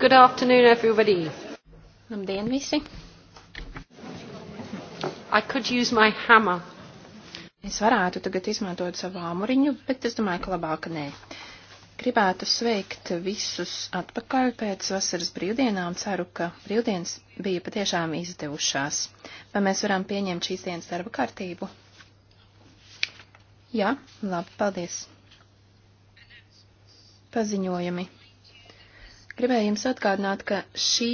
Good afternoon, everybody. Labdien, visi. I could use my hammer. Es varētu tagad izmantot savu āmuriņu, bet es domāju, ka labāk nē. Gribētu sveikt visus atpakaļ pēc vasaras brīvdienām. Ceru, ka brīvdienas bija patiešām izdevušās. Vai mēs varam pieņemt šīs dienas darba kārtību? Jā, labi, paldies. Paziņojumi. Gribēju jums atgādināt, ka šī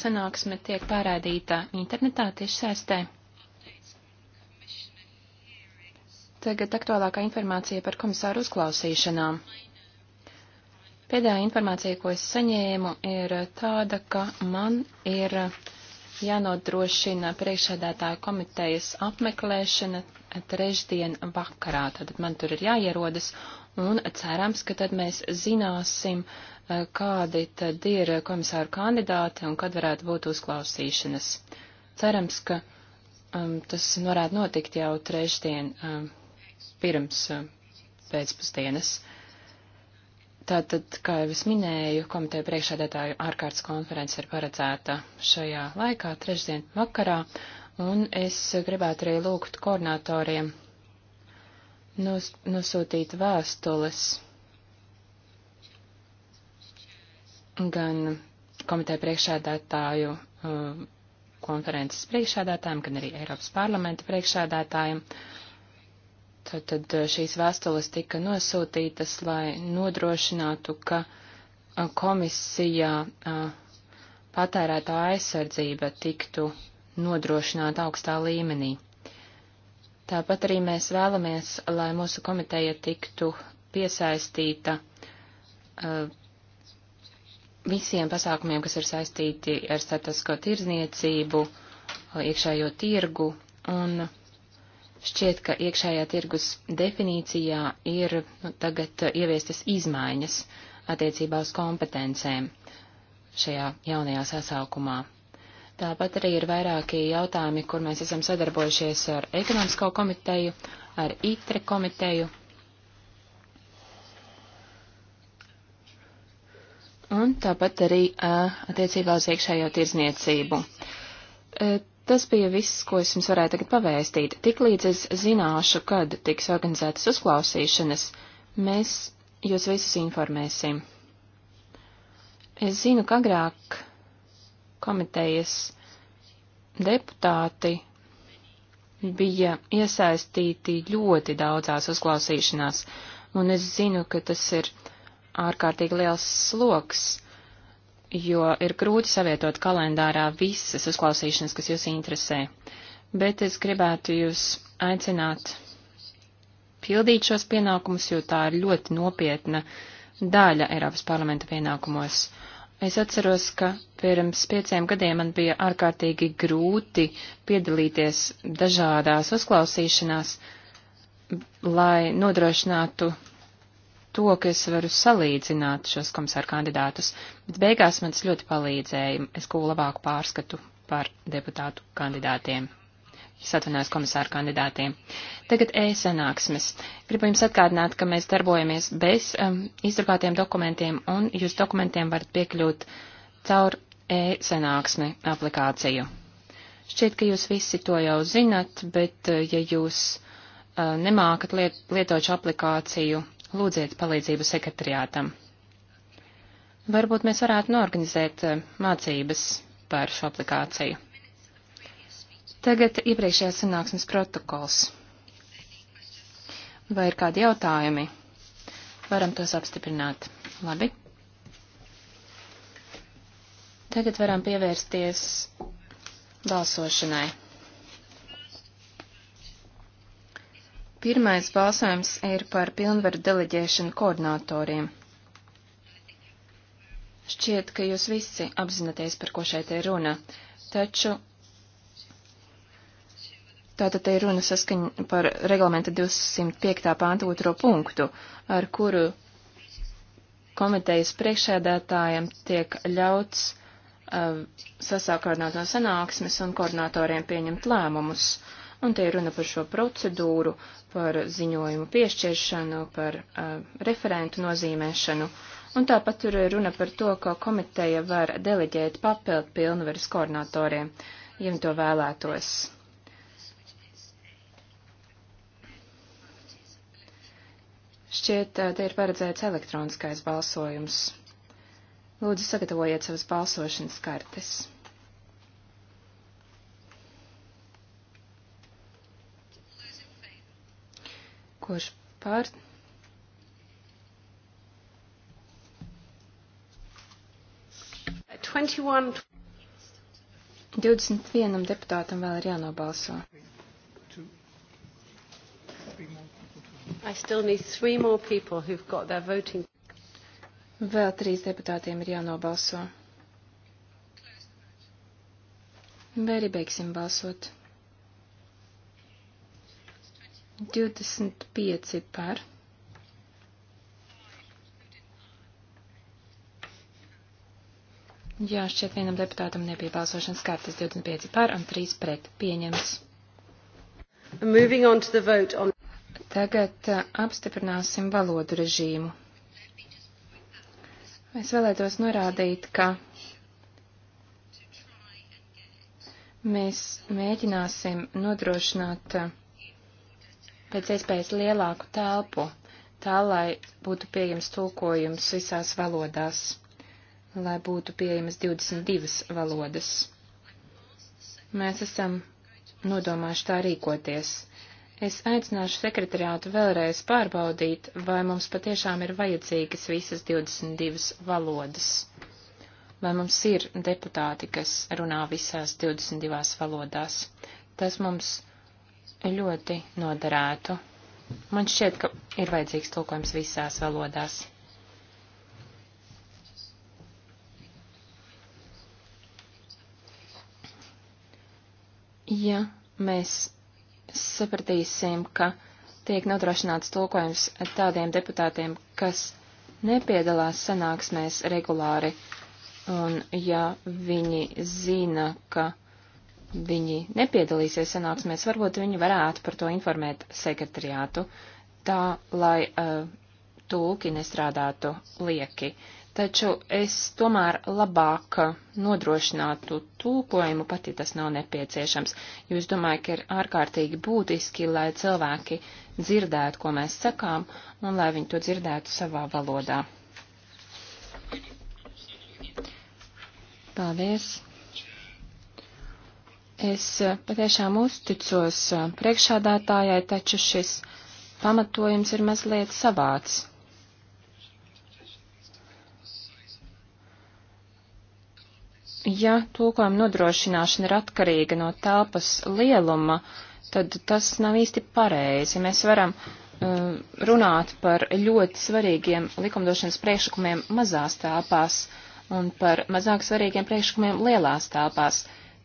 sanāksme tiek pārādīta internetā tiešsaistē. Tagad aktuālākā informācija par komisāru uzklausīšanām. Pēdējā informācija, ko es saņēmu, ir tāda, ka man ir jānodrošina priekšsēdētāja komitejas apmeklēšana trešdien vakarā. Tad man tur ir jāierodas, un cerams, ka tad mēs zināsim, eh, kādi tad ir komisāru kandidāti un kad varētu būt uzklausīšanas. Cerams, ka um, tas varētu notikt jau trešdien um, pirms um, pēcpusdienas. Tātad, kā jau es minēju, komiteja priekšādētāju ārkārtas konference ir paredzēta šajā laikā, trešdien vakarā, un es gribētu arī lūgt koordinatoriem nos, nosūtīt vēstules gan komiteja priekšādātāju uh, konferences priekšādātājiem, gan arī Eiropas parlamenta priekšādātājiem. Tad, tad uh, šīs vēstules tika nosūtītas, lai nodrošinātu, ka uh, komisijā patērētā aizsardzība tiktu nodrošināta augstā līmenī. Tāpat arī mēs vēlamies, lai mūsu komiteja tiktu piesaistīta uh, visiem pasākumiem, kas ir saistīti ar starptautisko tirzniecību, uh, iekšējo tirgu, un šķiet, ka iekšējā tirgus definīcijā ir nu, tagad ieviestas izmaiņas attiecībā uz kompetencēm šajā jaunajā sasaukumā. Tāpat arī ir vairāki jautājumi, kur mēs esam sadarbojušies ar ekonomisko komiteju, ar ITRE komiteju. Un tāpat arī uh, attiecībā uz iekšējo tirzniecību. Uh, tas bija viss, ko es jums varēju tagad pavēstīt. Tiklīdz es zināšu, kad tiks organizētas uzklausīšanas, mēs jūs visus informēsim. Es zinu, ka agrāk komitejas deputāti bija iesaistīti ļoti daudzās uzklausīšanās, un es zinu, ka tas ir ārkārtīgi liels sloks, jo ir grūti savietot kalendārā visas uzklausīšanas, kas jūs interesē. Bet es gribētu jūs aicināt pildīt šos pienākumus, jo tā ir ļoti nopietna daļa Eiropas parlamenta pienākumos. Uh, Es atceros, ka pirms pieciem gadiem man bija ārkārtīgi grūti piedalīties dažādās uzklausīšanās, lai nodrošinātu to, ka es varu salīdzināt šos komisāru kandidātus, bet beigās man tas ļoti palīdzēja, es ko labāku pārskatu par deputātu kandidātiem. Satvinājos komisāru kandidātiem. Tagad e-sanāksmes. Gribu jums atgādināt, ka mēs darbojamies bez um, izdrukātiem dokumentiem, un jūs dokumentiem varat piekļūt caur e-sanāksmi aplikāciju. Šķiet, ka jūs visi to jau zinat, bet uh, ja jūs uh, nemākat liet, lietot šo aplikāciju, lūdziet palīdzību sekretariātam. Varbūt mēs varētu norganizēt uh, mācības par šo aplikāciju. Tagad iepriekšējās sanāksmes protokols. Vai ir kādi jautājumi? Varam tos apstiprināt. Labi. Tagad varam pievērsties balsošanai. Pirmais balsojums ir par pilnvaru deleģēšanu koordinatoriem. Šķiet, ka jūs visi apzināties, par ko šeit ir runa, taču Tātad te ir runa saskaņa par reglamenta 205. pānta otro punktu, ar kuru komitejas priekšēdētājiem tiek ļauts uh, sasākārdināt no sanāksmes un koordinatoriem pieņemt lēmumus. Un te ir runa par šo procedūru, par ziņojumu piešķiršanu, par uh, referentu nozīmēšanu. Un tāpat tur ir runa par to, ka komiteja var deleģēt papildu pilnvaras koordinatoriem, ja to vēlētos. Šķiet, te ir paredzēts elektroniskais balsojums. Lūdzu, sagatavojiet savas balsošanas kartes. Kurš par? Twenty one. Divdesmit vienam deputātam vēl ir jānobalso. I still need three more people who've got their voting. Vēl trīs deputātiem ir jānobalso. Vai arī beigsim balsot? 25 par. Jā, šķiet vienam deputātam nebija balsošanas kartes 25 par un 3 pret. Pieņems. On... Tagad uh, apstiprināsim valodu režīmu. Es vēlētos norādīt, ka mēs mēģināsim nodrošināt uh, pēc iespējas lielāku telpu, tā lai būtu pieejams tulkojums visās valodās, lai būtu pieejamas 22 valodas. Mēs esam nodomājuši tā rīkoties. Es aicināšu sekretariātu vēlreiz pārbaudīt, vai mums patiešām ir vajadzīgas visas 22 valodas. Vai mums ir deputāti, kas runā visās 22 valodās. Tas mums ļoti noderētu. Man šķiet, ka ir vajadzīgs tulkojums visās valodās. Ja mēs sapratīsim, ka tiek nodrošināts tulkojums tādiem deputātiem, kas nepiedalās sanāksmēs regulāri, un ja viņi zina, ka viņi nepiedalīsies sanāksmēs, varbūt viņi varētu par to informēt sekretariātu, tā lai uh, tulki nestrādātu lieki, taču es tomēr labāk nodrošinātu tulkojumu, pat ja tas nav nepieciešams, jo es domāju, ka ir ārkārtīgi būtiski, lai cilvēki dzirdētu, ko mēs sakām, un lai viņi to dzirdētu savā valodā. Paldies! Es patiešām uzticos priekšādātājai, taču šis pamatojums ir mazliet savāds. Ja tulkojuma nodrošināšana ir atkarīga no telpas lieluma, tad tas nav īsti pareizi. Mēs varam uh, runāt par ļoti svarīgiem likumdošanas priekšlikumiem mazās telpās un par mazāk svarīgiem priekšlikumiem lielās telpās.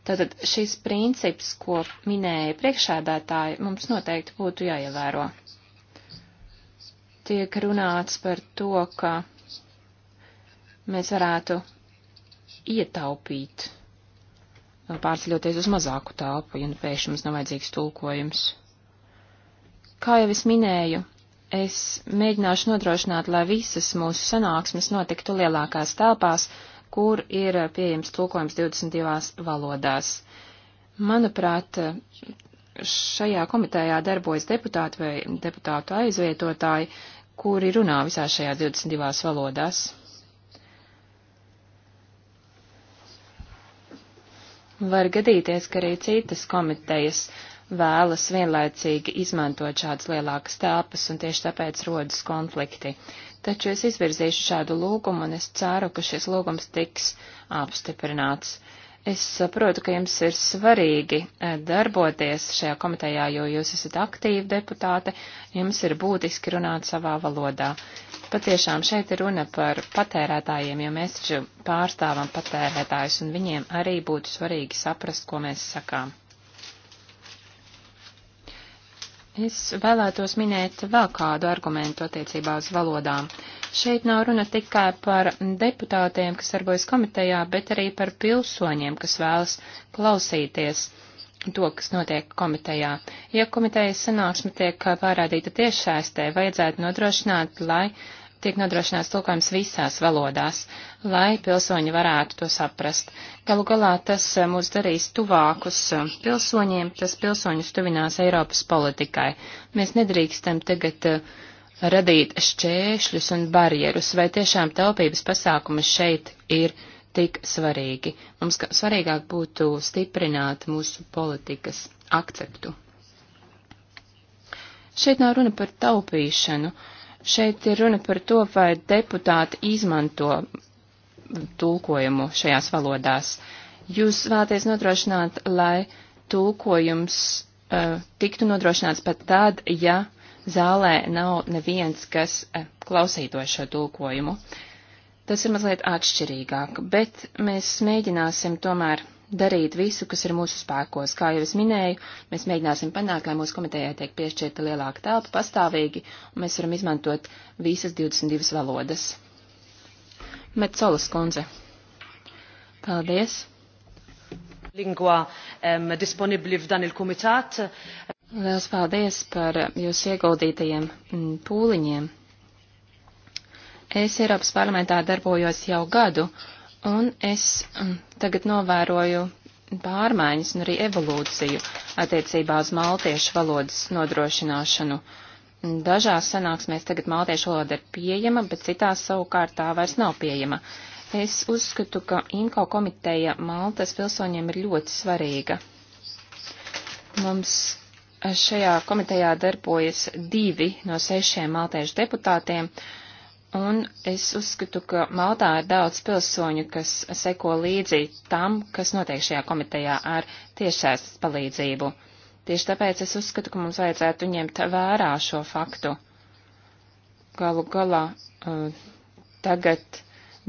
Tātad šis princips, ko minēja priekšēdētāji, mums noteikti būtu jāievēro. Tiek runāts par to, ka mēs varētu ietaupīt, uh, pārceļoties uz mazāku telpu, ja nu pēkšņi mums nav vajadzīgs tulkojums. Kā jau es minēju, es mēģināšu nodrošināt, lai visas mūsu sanāksmes notiktu lielākās telpās, kur ir uh, pieejams tulkojums 22 valodās. Manuprāt, uh, šajā komitējā darbojas deputāti vai deputātu aizvietotāji, kuri runā visās šajās 22 valodās. Var gadīties, ka arī citas komitejas vēlas vienlaicīgi izmantot šādas lielākas telpas, un tieši tāpēc rodas konflikti. Taču es izvirzīšu šādu lūgumu, un es ceru, ka šis lūgums tiks apstiprināts. Es saprotu, ka jums ir svarīgi e, darboties šajā komitejā, jo jūs esat aktīvi deputāte, jums ir būtiski runāt savā valodā. Patiešām šeit ir runa par patērētājiem, jo mēs taču pārstāvam patērētājus, un viņiem arī būtu svarīgi saprast, ko mēs sakām. Es vēlētos minēt vēl kādu argumentu attiecībā uz valodām. Šeit nav runa tikai par deputātiem, kas darbojas komitejā, bet arī par pilsoņiem, kas vēlas klausīties to, kas notiek komitejā. Ja komitejas sanāksme tiek pārādīta tiešsaistē, vajadzētu nodrošināt, lai uh, tiek nodrošināts tulkojums visās valodās, lai pilsoņi varētu to saprast. Galu galā tas eh, mūs darīs tuvākus eh, pilsoņiem, tas pilsoņus tuvinās Eiropas politikai. Mēs nedrīkstam tagad eh, radīt šķēršļus un barjerus, vai tiešām taupības pasākumi šeit ir tik svarīgi. Mums svarīgāk būtu stiprināt mūsu politikas akceptu. Šeit nav runa par taupīšanu. Uh, Šeit ir runa par to, vai deputāti izmanto tulkojumu šajās valodās. Jūs vēlaties nodrošināt, lai tulkojums uh, tiktu nodrošināts pat tad, ja zālē nav neviens, kas uh, klausītos šo tulkojumu. Tas ir mazliet atšķirīgāk, bet mēs mēģināsim tomēr darīt visu, kas ir mūsu spēkos. Kā jau es minēju, mēs mēģināsim panākt, lai mūsu komitejai tiek piešķirta lielāka telpa pastāvīgi, un mēs varam izmantot visas 22 valodas. Metzolas kundze. Paldies. Lingua um, disponibli f'dan il-komitat. Liels paldies par jūsu ieguldītajiem pūliņiem. Es Eiropas parlamentā darbojos jau gadu Un es um, tagad novēroju pārmaiņas un arī evolūciju attiecībā uz maltiešu valodas nodrošināšanu. Dažās sanāksmēs tagad maltiešu valoda ir pieejama, bet citās savukārt tā vairs nav pieejama. Es uzskatu, ka INKO komiteja Maltas pilsoņiem ir ļoti svarīga. Mums šajā komitejā darbojas divi no sešiem maltiešu deputātiem. Uh, Un es uzskatu, ka Maltā ir daudz pilsoņu, kas seko līdzi tam, kas notiek šajā komitejā ar tiešās palīdzību. Tieši tāpēc es uzskatu, ka mums vajadzētu ņemt vērā šo faktu. Galu galā uh, tagad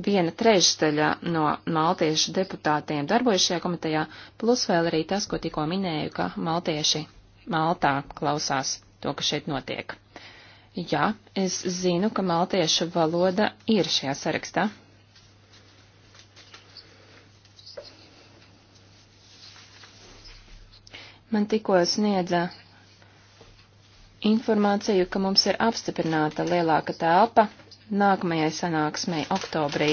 viena trešdaļa no maltiešu deputātiem darbojas šajā komitejā, plus vēl arī tas, ko tikko minēju, ka maltieši Maltā klausās to, kas šeit notiek. Jā, es zinu, ka maltiešu valoda ir šajā sarakstā. Man tikko sniedza informāciju, ka mums ir apstiprināta lielāka telpa nākamajai sanāksmei oktobrī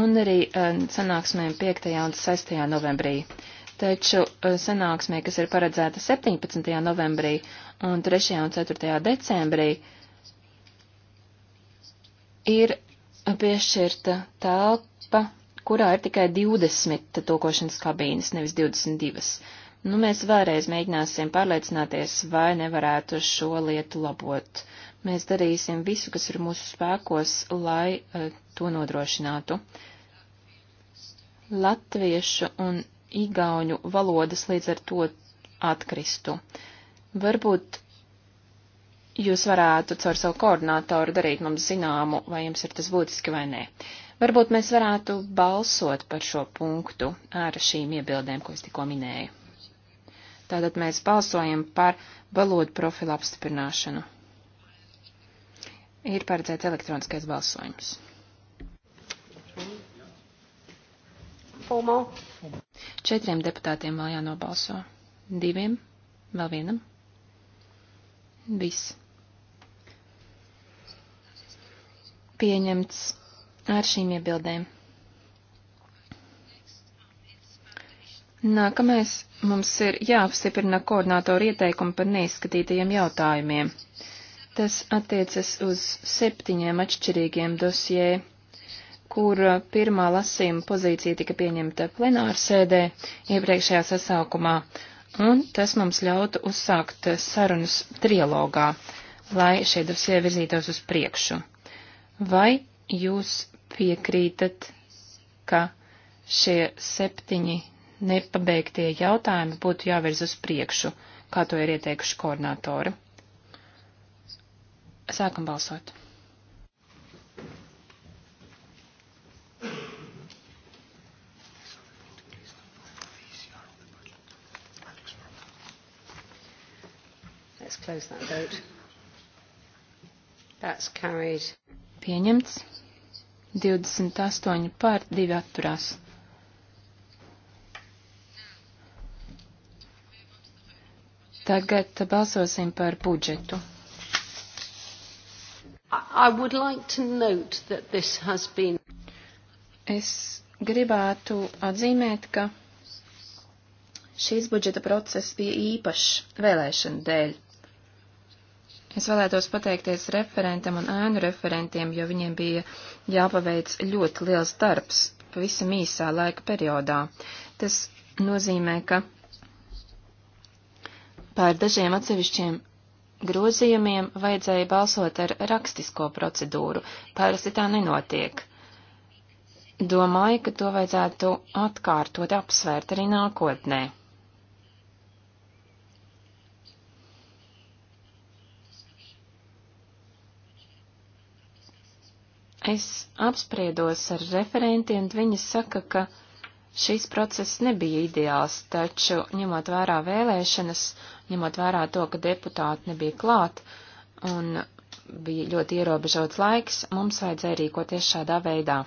un arī eh, sanāksmēm 5. un 6. novembrī taču e, sanāksmē, kas ir paredzēta 17. novembrī un 3. un 4. decembrī, ir piešķirta telpa, kurā ir tikai 20 tokošanas kabīnes, nevis 22. Nu, mēs vēlreiz mēģināsim pārliecināties, vai nevarētu šo lietu labot. Mēs darīsim visu, kas ir mūsu spēkos, lai uh, to nodrošinātu. Latviešu un igauņu valodas līdz ar to atkristu. Varbūt jūs varētu caur savu koordinātoru darīt mums zināmu, vai jums ir tas būtiski vai nē. Varbūt mēs varētu balsot par šo punktu ar šīm iebildēm, ko es tikko minēju. Tātad mēs balsojam par valodu profilu apstiprināšanu. Ir paredzēts elektroniskais balsojums. Formal. Četriem deputātiem vēl jānobalso. Diviem, vēl vienam. Viss. Pieņemts ar šīm iebildēm. Nākamais mums ir jāapstiprina koordinātoru ieteikumi par neizskatītajiem jautājumiem. Tas attiecas uz septiņiem atšķirīgiem dosijiem kur uh, pirmā lasījuma pozīcija tika pieņemta plenārsēdē iepriekšējā sasaukumā, un tas mums ļautu uzsākt uh, sarunas trilogā, lai šie dosie virzītos uz priekšu. Vai jūs piekrītat, ka šie septiņi nepabeigtie jautājumi būtu jāvirz uz priekšu, kā to ir ieteikuši koordinātori? Sākam balsot. close that vote. That's carried. Pieņemts. 28 pār 2 atturās. Tagad balsosim par budžetu. I would like to note that this has been. Es gribētu atzīmēt, ka šīs budžeta process bija īpašs vēlēšana dēļ. Es vēlētos pateikties referentam un ēnu referentiem, jo viņiem bija jāpaveic ļoti liels darbs pavisam īsā laika periodā. Tas nozīmē, ka pār dažiem atsevišķiem grozījumiem vajadzēja balsot ar rakstisko procedūru. Parasti tā nenotiek. Domāju, ka to vajadzētu atkārtot apsvērt arī nākotnē. Es apspriedos ar referenti, un viņi saka, ka šīs process nebija ideāls, taču, ņemot vērā vēlēšanas, ņemot vērā to, ka deputāti nebija klāt, un bija ļoti ierobežots laiks, mums vajadzēja rīkoties šādā veidā.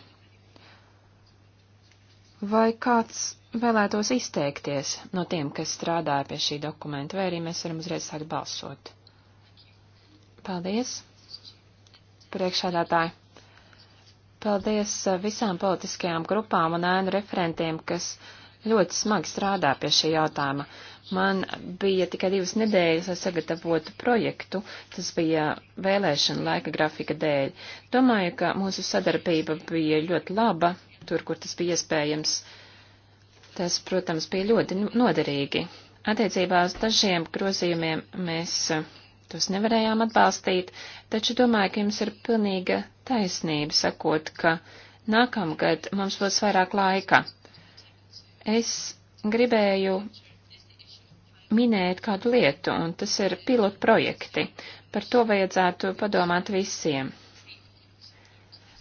Vai kāds vēlētos izteikties no tiem, kas strādāja pie šī dokumenta, vai arī mēs varam uzreiz sākt balsot? Paldies! Priekšādātāji! Paldies eh, visām politiskajām grupām un ēnu referentiem, kas ļoti smagi strādā pie šī jautājuma. Man bija tikai divas nedēļas, lai sagatavotu projektu, tas bija vēlēšana laika grafika dēļ. Domāju, ka mūsu sadarbība bija ļoti laba, tur, kur tas bija iespējams. Tas, protams, bija ļoti noderīgi. Attiecībā uz dažiem grozījumiem mēs tos nevarējām atbalstīt, taču domāju, ka jums ir pilnīga taisnība sakot, ka nākamgad mums būs vairāk laika. Es gribēju minēt kādu lietu, un tas ir pilotu projekti. Par to vajadzētu padomāt visiem.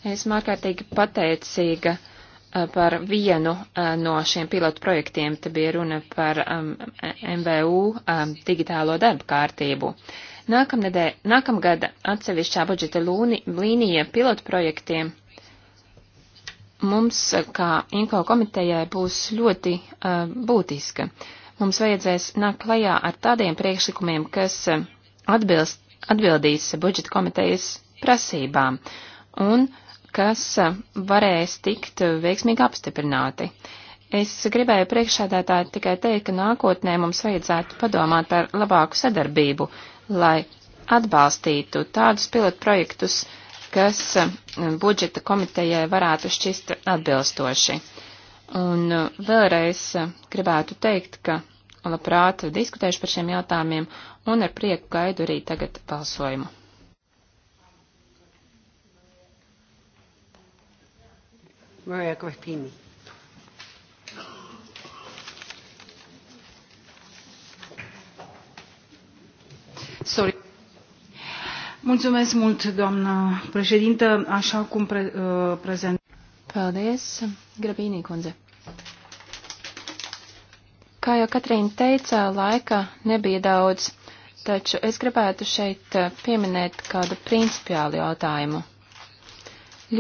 Esmu ārkārtīgi pateicīga par vienu no šiem pilotu projektiem. Te bija runa par um, MVU um, digitālo darba kārtību. Uh, Nākamnedē, nākamgada atsevišķā budžeta lūni, līnija pilotprojektiem mums, kā info komitejai, būs ļoti uh, būtiska. Mums vajadzēs nākt klajā ar tādiem priekšlikumiem, kas uh, atbilst, atbildīs budžeta komitejas prasībām un kas uh, varēs tikt veiksmīgi apstiprināti. Uh, Es gribēju priekšsēdētāji tikai teikt, ka nākotnē mums vajadzētu padomāt par labāku sadarbību, lai atbalstītu tādus pilotprojektus, kas eh, budžeta komitejai varētu šķist atbilstoši. Un eh, vēlreiz eh, gribētu teikt, ka labprāt diskutēšu par šiem jautājumiem un ar prieku gaidu arī tagad balsojumu. Maria Cortini. Sorry. Mulțumesc mult, doamnă președintă, așa cum pre, uh, prezent. Paldies, Grabīnī kundze. Kā jau Katrīna teica, laika nebija daudz, taču es gribētu šeit uh, pieminēt kādu principiālu jautājumu.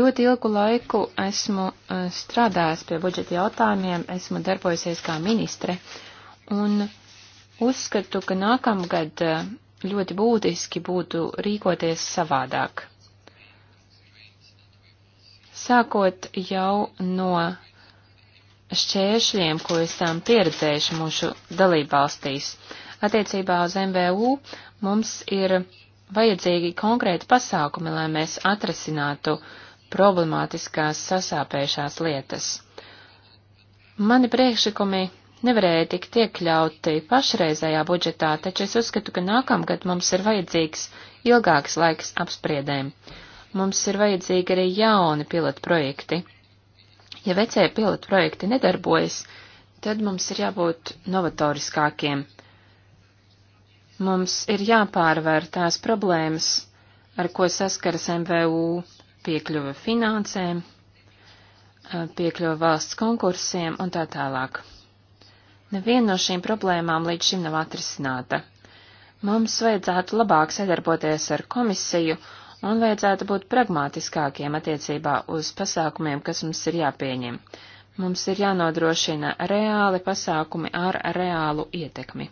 Ļoti ilgu laiku esmu uh, strādājis pie budžeta jautājumiem, esmu darbojusies kā ministre un uzskatu, ka nākamgad uh, ļoti būtiski būtu rīkoties savādāk. Sākot jau no šķēršļiem, ko esam pieredzējuši mūsu dalībvalstīs. Attiecībā uz MVU mums ir vajadzīgi konkrēti pasākumi, lai mēs atrisinātu problemātiskās sasāpējušās lietas. Mani priekšlikumi nevarēja tikt iekļauti pašreizējā budžetā, taču es uzskatu, ka nākamgad mums ir vajadzīgs ilgāks laiks apspriedēm. Mums ir vajadzīgi arī jauni pilotprojekti. Ja vecie pilotprojekti nedarbojas, tad mums ir jābūt novatoriskākiem. Mums ir jāpārvar tās problēmas, ar ko saskaras MVU piekļuva finansēm, piekļuva valsts konkursiem un tā tālāk. Neviena no šīm problēmām līdz šim nav atrisināta. Mums vajadzētu labāk sadarboties ar komisiju un vajadzētu būt pragmātiskākiem attiecībā uz pasākumiem, kas mums ir jāpieņem. Mums ir jānodrošina reāli pasākumi ar reālu ietekmi.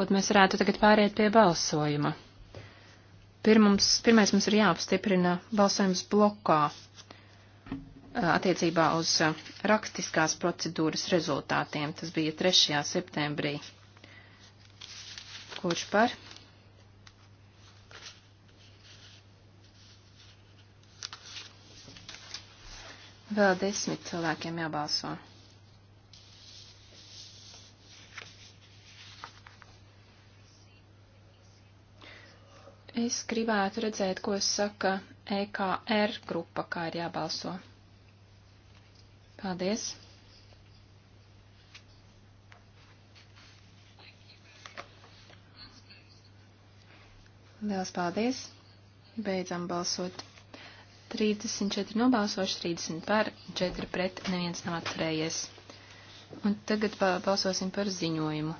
Būt mēs varētu tagad pāriet pie balsojuma. Pirmums, pirmais mums ir jāapstiprina balsojums blokā attiecībā uz uh, rakstiskās procedūras rezultātiem. Tas bija 3. septembrī. Kurš par? Vēl desmit cilvēkiem jābalso. Es gribētu redzēt, ko saka EKR grupa, kā ir jābalso. Paldies! Liels paldies! Beidzam balsot. 34 nobalsoši, 30 par, 4 pret, neviens nav atturējies. Un tagad balsosim par ziņojumu.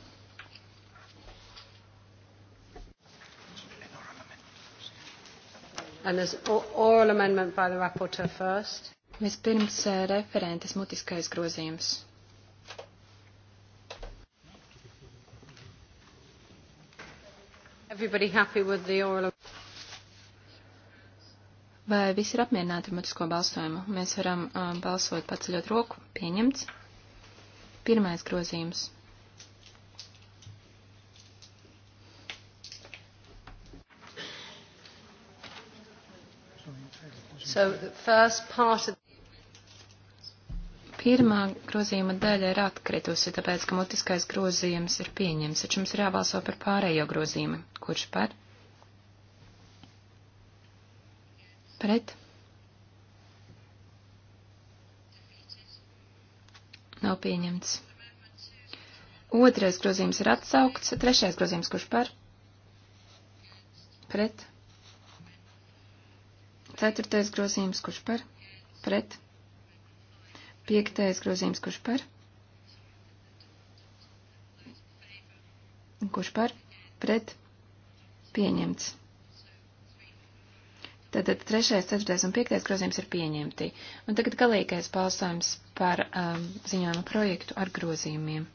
And there's oral amendment by the rapporteur first. Vispirms eh, referentes mutiskais grozījums. Oral... Vai visi ir apmierināti ar mutisko balsojumu? Mēs varam uh, balsot paceļot roku. Pieņemts. Pirmais grozījums. So the first part of Pirmā grozījuma daļa ir atkritusi, tāpēc, ka mutiskais grozījums ir pieņems, taču mums ir jābalso par pārējo grozījumu. Kurš par? Pret? Nav pieņemts. Otrais grozījums ir atsaukts, trešais grozījums kurš par? Pret? Ceturtais grozījums kurš par? Pret? Piektais grozījums, kurš par? Kurš par? Pret? Pieņemts. Tātad trešais, ceturtais un piektais grozījums ir pieņemti. Un tagad galīgais balsojums par um, ziņojumu projektu ar grozījumiem.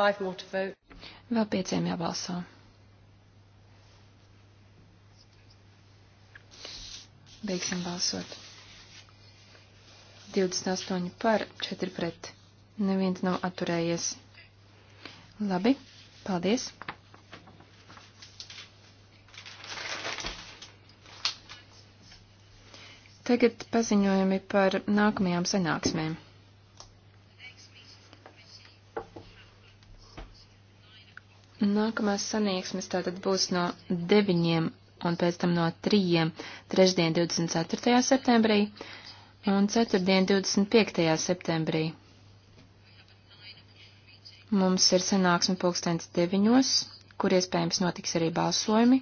Vēl pieciem jābalso. Beigsim balsot. 28 par, 4 pret. Neviens nav atturējies. Labi, paldies. Tagad paziņojumi par nākamajām sanāksmēm. Nākamās sanāksmes tātad būs no 9 un pēc tam no 3. trešdien 24. septembrī un ceturtdien 25. septembrī. Mums ir sanāksme pulkstens 9, kur iespējams notiks arī balsojumi,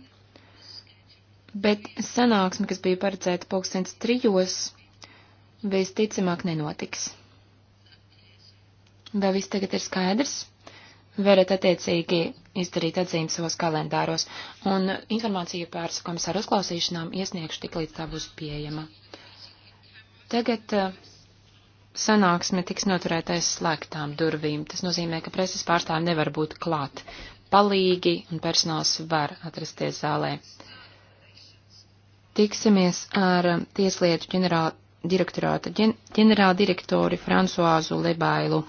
bet sanāksme, kas bija paredzēta pulkstens 3, visticamāk nenotiks. Vai viss tagad ir skaidrs? varat attiecīgi izdarīt atzīmes savos kalendāros, un informāciju par komisāru uzklausīšanām iesniegšu tik līdz tā būs pieejama. Tagad eh, sanāksme tiks noturētais slēgtām durvīm. Tas nozīmē, ka preses pārstāvi nevar būt klāt. Palīgi un personāls var atrasties zālē. Tiksimies ar eh, Tieslietu ģenerāla direktorāta ģenerāldirektori Fransuāzu Lebailu.